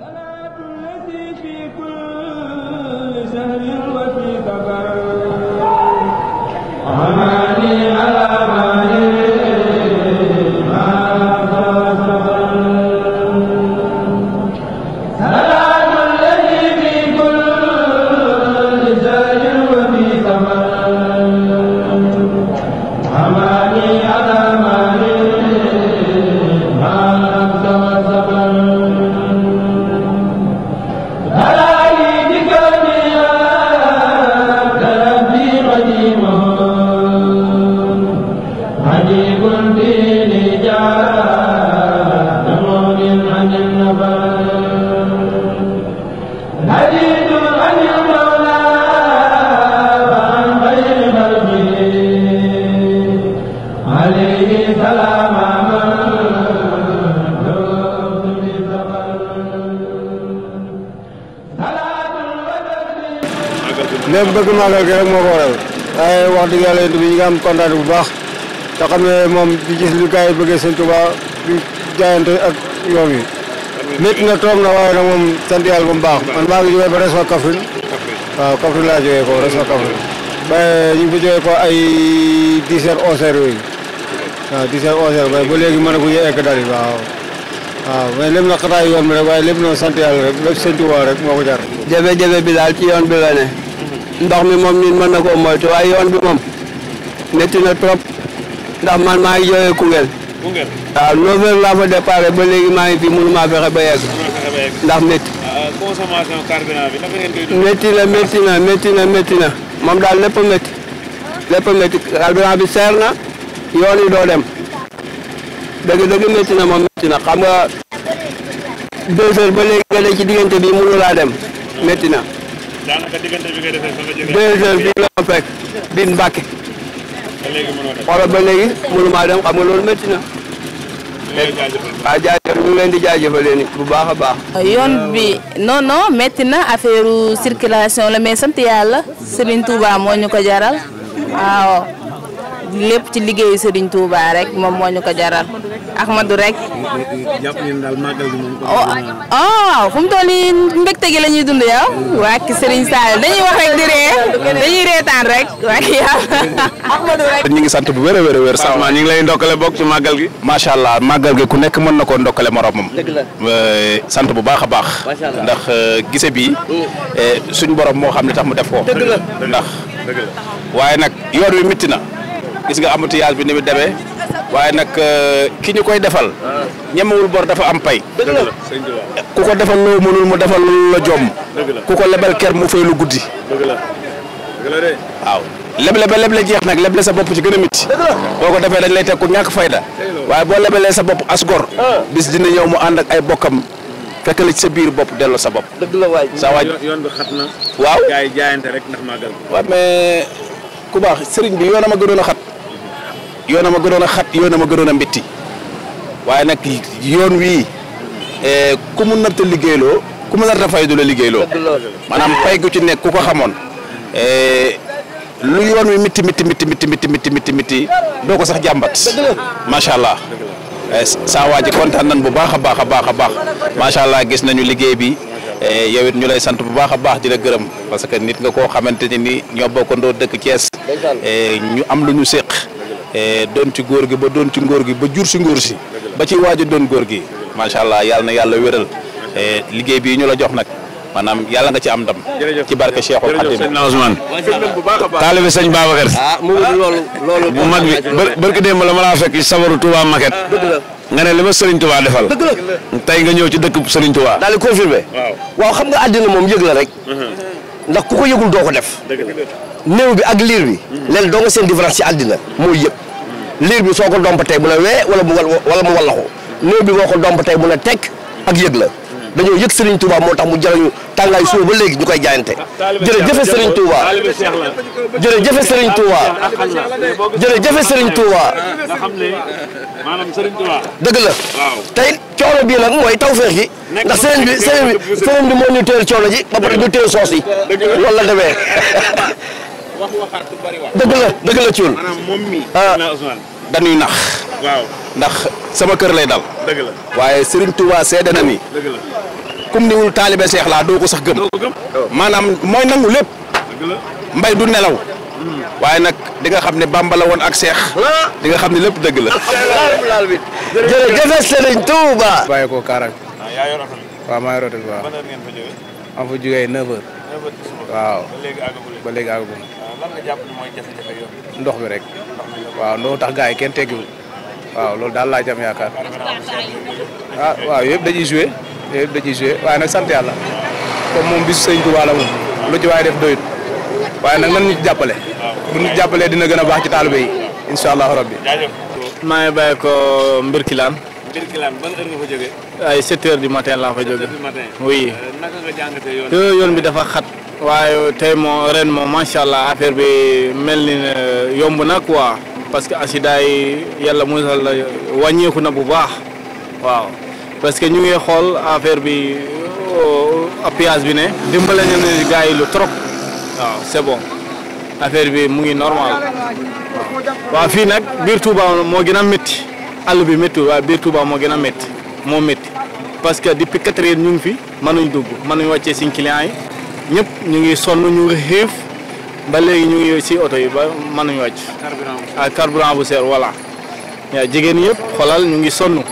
salaatu lati fi kulli lépp bëgg màggal gi rek moo ko waral waaye wax dëgg yàlla yéen bi ñu ngi am kontaan bu baax te xam moom di gis lu gars yi bëggee sëñ Tuubaa di ak yoon yi métti na na waaye nag moom sant yàlla mu baax man maa ngi jógee ba Resma Kaffrine waaw Kaffrine laa jógee ko Resma Kaffrine ba ay 10 heures 11 heures ba ba léegi mën a guñu egg dali waaw waaw mais lépp na xataay yoon rek waaye lépp na sant rek lépp sëñ rek moo ko jar jafe-jafe bi daal ci yoon bi la ne ndox mi moom nit mën na koo moytu waaye yoon bi moom métti na trop ndax man maa ngi jógee Koungheul. Koungheul waaw laa fa départ ba léegi maa ngi fi mënuma fexe ba yegg. ndax métti. Ah, consommation na métti na métti na métti na moom daal lépp métti lépp métti carburant bi seer na yoon yi doo dem dëgg dëgg métti na moom métti na xam nga deux heures ba léegi nga ne ci diggante bi mënu laa dem métti na. deux heures fii la fekk bin Mbacke. xoolal ba léegi mënumaa dem xam nga loolu métti na. waaw jaajëf ñu ngi leen di jaajëfalee ni bu baax a baax. yoon bi non non métti na affaire circulation la mais sant yàlla Serigne Touba moo ñu ko jaral waaw lépp ci liggéeyu Serigne Touba rek moom moo ñu ko jaral. Ahmadou rek. jàpp ngeen daal màggal gi moom. Oh, oh, gi la ñuy dund yow. waa ki Serigne Sall dañuy wax rek di ree dañuy reetaan rek waa ki yàlla. Ahmadou rek. ñu ngi sant bu wér a wér a wér. waaw ñu ngi lay ndokkale bokk ci màggal gi. macha allah màggal gi ku nekk mën na koo ndokkale moromam. dëgg la sant bu baax a baax. ndax euh, gise bi mm. euh, suñu borom moo xam ne tax mu def ko. ndax waaye nag yoon wi mitti na. gis nga embouteillage bi ni mu demee. waaye nag euh, ki ñu koy defal ñemewul boor dafa am pay ku ko defal loo mënul mu defal lu la jomm ku ko lebal ker mu fay lu guddi waaw leble ba leble jeex nag leble sa bopp ci gën a métti boo ko defee dañ lay teg ku ñàkk fayda waaye boo lebelee sa bopp as gor ah. bis dina ñëw mu ànd ak ay bokkam fekk la sa biir bopp delloo sa bopp. dëgg la waay sa waay yoon bi xat na. waaw gars yi rek ndax màggal waaw mais ku baax sëriñ bi yoonam a gënoon a xat. yoon a ma gënoon a xat yoon a ma gënoon a mbitti waaye nag yoon wii eh, ku mu nat a liggéeyloo ku mu nat a fay du la liggéeyloo maanaam pay gu ci nekk ku ko xamoon eh, lu yoon wi mitti mitti mitti mitti mitti mitti mitti mitti doo ko sax jàmbat macha allah eh, saa waa ji kontaan nan bu baax a baax a baax a baax macha allah gis nañu liggéey bi yow it ñu lay sant bu baax a baax di la gërëm parce que nit nga koo xamante ni ñoo bokkandoo dëkk Thiès ñu am lu ñu séq Eh, doon ci góor gi ba doon ci ngóor gi ba jur si ngóor si ba ci waaj a doon góor gi macha allah yàlla na yàlla wéral eh, liggéey bii ñu la jox nag maanaam yàlla nga ci am ndam. ci barke Cheikhul Khadim taalibe sëñ Babacar. ah mu loolu loolu. bu mag bi barke démb la ma laa fekk sabaru Touba Maquette. Ah, nga ne li ma Serigne Touba defal. tey nga ñëw ci dëkk Serigne Touba. daal di confirmé. waaw xam nga àddina moom yëg la rek. Mhm. ndax ku ko yëgul doo ko def néew bi ak liir bi leen doo nga seen différence ci àddina mooy yëpp liir bi soo ko domp tey bu ne wee wala mu wala mu wallaxu néew bi boo ko domp tey bu a tekk ak yëg la dañoo yëg Serigne Touba moo tax mu jarañu tàngaay suba ba léegi ñu koy jaayante jërëjëfe Serigne Touba jërëjëfe Serigne Touba jërëjëfe Serigne Touba maanaam Serigne Touba dëgg la tey coono bii nag mooy tawfeex gi ndax sëriñ bi sëriñ bi sëriñ bi moo ñu teel coono ji ba pare ñu teel soos yi loolu la demee dëgg la dëgg la Thioune ah dañuy nax ndax sama kër lay dal waaye Serigne Touba seede na ni kum niwul taalibe seex laa doo ko sax gëm maanaam mooy nangu lépp mbay du nelaw hmm. waaye nag di nga xam ne bàmba woon ak seex ah! di nga xam ne lépp dëgg la jërëjëf sëriñ Touba ko Kaarang ah, waaw maa yorotal waaw am waaw ba léegi àggagum ah, ndox bi rek waaw ndox tax gars yi kenn teggiwul waaw loolu daal laa jam yaakaar waaw yëpp dañuy joué yëpp dañuy joué waaye nag sant yàlla comme moom bisu sëñ Tuubaa la moom lu ci waaye def doyut waaye nag nan ñu ci jàppale bu ñu jàppalee dina gën a baax ci taalibe yi incha allahu rabbi maa ngi bàyyi ko Mbirkilaan ay 7 heures du matin laa fa jógee. oui. Euh, naka yoon bi. yoon bi dafa xat. waaye tey moo ren moom macha allah affaire bi mel ni ne yomb na quoi. parce que accident yi yàlla musal la wàññeeku na bu baax waaw. parce que ñu ngi xool affaire bi appuyage oh, bi ne dimbale nañu gars yi lu trop waaw c'est bon affaire bi mu ngi normal waa waaw fii nag biir Touba moo gën a métti àll bi métti waaye biir Touba moo gën a métti moo métti parce que depuis quatre heures ñu ngi fi mënuñ dugg mënuñ wàccee suñ clients yi ñëpp ñu ngi sonn ñu ngi xiif ba léegi ñu ngi si oto yi ba mënuñ wàcc. carburant bu seer ah, carburant bu seer voilà. yaa jigéen yëpp xoolal ñu ngi sonn.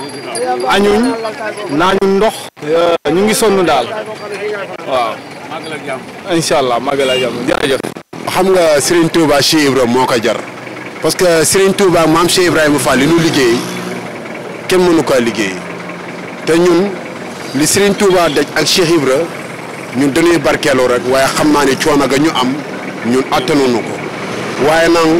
añuñ naañu ndox. ñu ngi sonn daal waaw. incha allah magal ak jàmm jërëjëf. xam nga Serigne Touba Cheikh moo ko jar parce que Serigne Touba maam Cheikh Ibrahima Fall li ñu liggéey kenn mënu ko liggéey te ñun li Serigne Touba daj ak Cheikh Ibra ñun dañuy rek waaye xam naa ne coono ga ñu am ñun attanoonu ko waaye nag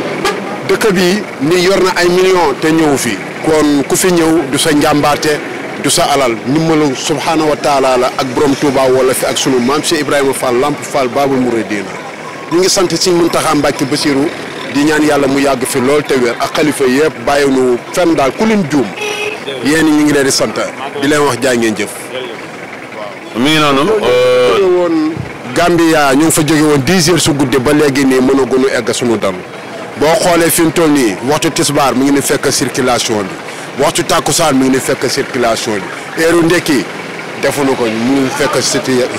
dëkk bi ni yor na ay millions te ñëwu fii. kon ku fi ñëw du sa njàmbaate du sa alal ndimbalu subhaana wa taala la ak borom Touba wala fi ak sunu maam si Ibrahima Fall Lamp Fall Baabul Muridiina ñu ngi sant si Muntaxa Mbàkke Basiru di ñaan yàlla mu yàgg fi lool te wér ak xalifa yëpp bàyyiwunu fenn daal ku leen juum yéen ñu ngi leen di sant di leen wax jaay ngeen jëf. mi ngi noonu. woon Gambia ñu ngi fa jóge woon dix heures su guddi ba léegi nii mënaguñu egg sunu dal boo xoolee fi mu toll nii waxtu tisbaar mi ngi ni fekk circulation bi waxtu tàkkusaan mi ngi ni fekk circulation bi heure ndekki defuñu ko mu ngi fekk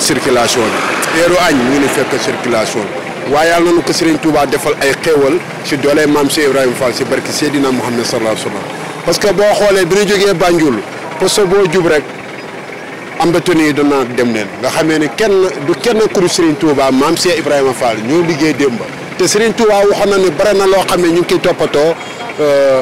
circulation bi heure añ mi ngi ni fekk circulation bi waaye yàlla na ko Serigne Touba defal ay xéewal si doole maam si Ibrahima Fall si barki Seydina Mouhamed sallallahu alayhi wa sallam parce que boo xoolee bi ñu jógee Banjul parce que boo jub rek ambatoni yi dana dem neen nga xamee ne kenn du kenn kuru Serigne Touba maam Ibrahima Fall ñoo liggéey démb te Serigne Touba waxoon na ne bare na loo xam ne ñu ngi koy toppatoo euh,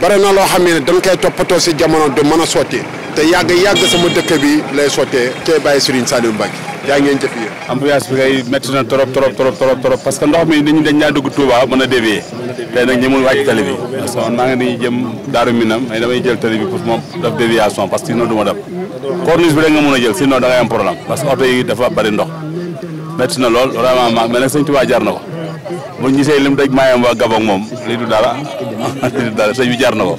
bare na loo xam ne dañ koy toppatoo si jamono du mën a sotti te yàgg yàgg sama dëkk bi lay sottee tey bàyyi Serigne Saliou Mbacke yaa ngeen jëf yéen. embouteillage bi kay na trop trop parce que ndox mi nit ñi dañ naa dugg a dévier tey nag ñemul wàcc tali bi parce que man maa ngi nii jëm Daaru Minam ay damay que sinon du ma dem corniche bi nga mën a jël sinon da ngay am problème oto yi dafa bari ndox métti na lool vraiment mais nag sëñ Touba jar na ko bu ñu gisee lim daj maayam waa Gabon moom lii du dara lii du dara sëñ bi jaar na ko.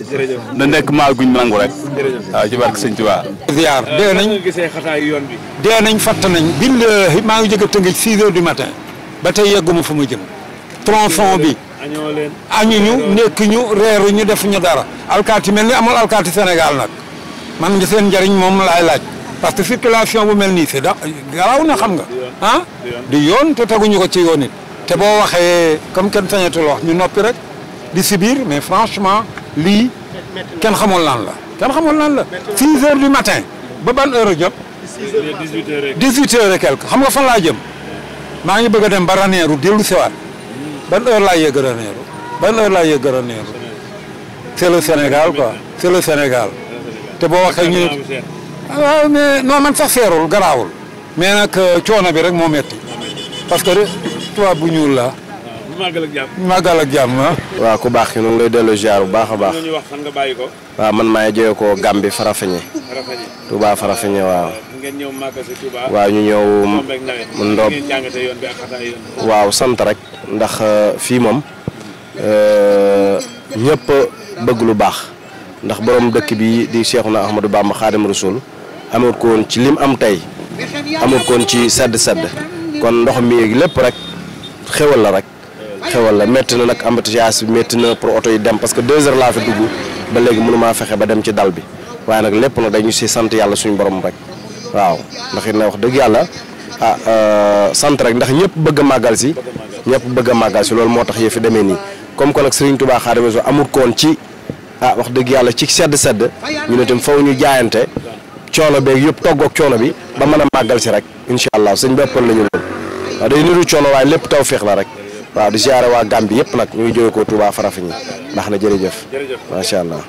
na nekk maa guñ nangu rek. a ci barke sëñ Tuubaa. ziar dee nañ dee nañ fatt nañ. billahi maa du matin ba tey yegguma fu ma jëm. tronçon bi. añu ñu nekk ñu reeru ñu def ñu dara. alkaati mel ni amul alkaati Sénégal nag man nga seen njëriñ moom laay laaj. parce circulation bu mel nii c'est da garaaw na xam nga. ah di yoon te teguñu ko ci te boo waxee comme kenn sañatul wax ñu noppi rek di si mais franchement lii kenn xamoon lan la kenn xamoon lan la 6 heures du matin ba ban heure a jot 18 heures quelque xam nga fan laa jëm maa ngi bëgg a dem ba Ranérou dellu siwaat ban heure laa yëg Ranérou ban heure laa yëg Ranérou c'est le Sénégal quoi c'est le Sénégal te boo waxee ñu ah waaw mais non man sax seerul garaawul mais nag euh, coono bi rek moo metti parce que tubaab bu ñuul laa. màggal ak jàmm ku baax ki noonu lay delloo ziar bu baax a baax. ñu wax fan nga man maa ngi jógee ko Gambie Farafeñe. Farafeñe Touba waaw. waaw ñu ñëw. ndoom ngeen jàngatee yoon bi waaw sant rek. ndax euh, fii moom euh, ñëpp bëgg lu baax ndax boroom dëkk bi di Cheikhouna Ahmadou Bamba Khadim Rasoul amut ko woon ci lim am tey amut ko ci sedd sedd kon ndox mi lépp rek. xewal la rek xewal la metti na nag embouteillage bi métti na pour oto yi dem parce que deux heures laa fi dugg ba léegi mënu maa fexe ba dem ci dal bi waaye nag lépp nag dañu si sant yàlla suñu borom rek waaw ndax it na wax dëgg yàlla ah euh, sant rek ndax ñëpp bëgg màggal si ñëpp bëgg màggal si loolu moo tax yëf fi demee nii comme que nag Serigne Touba Xaadimu Rasuul amul koon ci ah wax dëgg yàlla ci sedd sedd ñu ne tam faw ñu jaayante coono beeg yëpp toggoog coono bi ba mën a màggal si rek incha allah sëñ béppal la waaw day niru coono waaye lépp taw feex la rek waaw di ziare waa Gambie yëpp nag ñuy jóge ko fa Farafeñi baax na jërëjëf macha allah